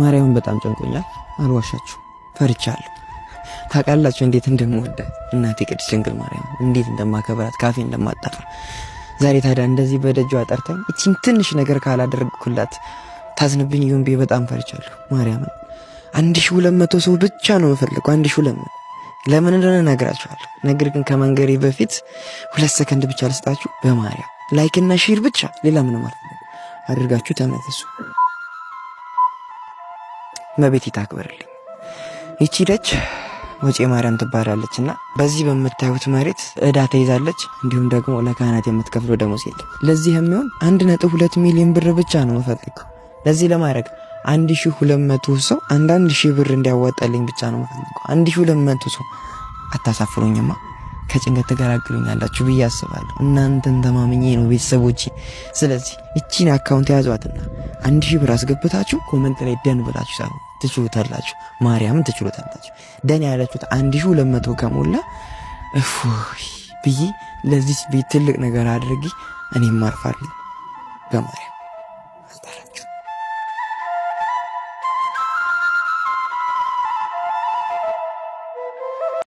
ማርያምን በጣም ጨንቆኛል። አልዋሻችሁ፣ ፈርቻለሁ። ታውቃላችሁ እንዴት እንደምወዳት እናቴ ቅድስት ድንግል ማርያም እንዴት እንደማከብራት ካፌ እንደማጣፋ ዛሬ ታዲያ እንደዚህ በደጇ ጠርታኝ እቺን ትንሽ ነገር ካላደረግኩላት ታዝንብኝ ይሁን ብዬ በጣም ፈርቻለሁ። ማርያምን አንድ ሺ ሁለት መቶ ሰው ብቻ ነው የምፈልገው። አንድ ሺ ሁለት መቶ ለምን እንደሆነ እነግራችኋለሁ። ነገር ግን ከመንገሬ በፊት ሁለት ሰከንድ ብቻ ልስጣችሁ። በማርያም ላይክ እና ሼር ብቻ ሌላ ምንም አልፈልግም። አድርጋችሁ ተመለሱ። መቤት ይታክብርልኝ። ይቺ ደች ወጪ ማርያም ትባላለች እና በዚህ በምታዩት መሬት እዳ ተይዛለች። እንዲሁም ደግሞ ለካህናት የምትከፍለው ደሞዝ የለም። ለዚህ የሚሆን አንድ ነጥብ ሁለት ሚሊዮን ብር ብቻ ነው የምፈልገው። ለዚህ ለማድረግ አንድ ሺ ሁለት መቶ ሰው አንዳንድ ሺህ ብር እንዲያዋጣልኝ ብቻ ነው የምፈልገው። አንድ ሺ ሁለት መቶ ሰው አታሳፍሩኝማ። ከጭንቀት ትገላግሉኛላችሁ ብዬ አስባለሁ። እናንተን ተማምኜ ነው ቤተሰቦቼ። ስለዚህ እቺን አካውንት ያዟትና አንድ ሺህ ብር አስገብታችሁ ኮመንት ላይ ደን ብላችሁ ሳ ትችሉታላችሁ፣ ማርያምን ትችሉታላችሁ። ደን ያላችሁት አንድ ሺህ ሁለት መቶ ከሞላ እፎይ ብዬ ለዚህ ቤት ትልቅ ነገር አድርጊ እኔም አርፋለሁ በማርያም